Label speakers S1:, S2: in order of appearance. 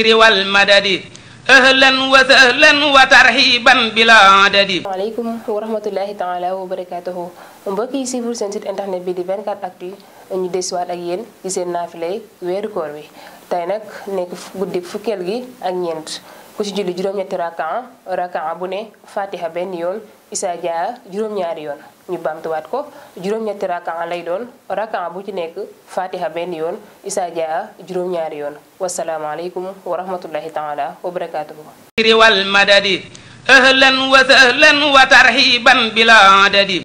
S1: wal madadi ahlan wa sahlan wa tarhiban bila adadi
S2: waaleykum wa rahmatullahi taala wa barakatuhu mbokk yi suivre seen site internet bi di 24 actu ñu desuwaat ak yéen ci seen naafilay weeru koor wi tey nag nekk guddi fukkeel gi ak ñeent ku ci julli juróom-ñetti rakaa rakaa bu ne fatiha benn yoon isaa jaa juróom-ñaari yoon ñu baamtuwaat ko juróom-ñetti rakaa lay doon rakaa bu ci nekk fatiha benn yoon isaa jaa juróom-ñaari yoon wasalaamaaleykum wa rahmatullahi taala
S3: wa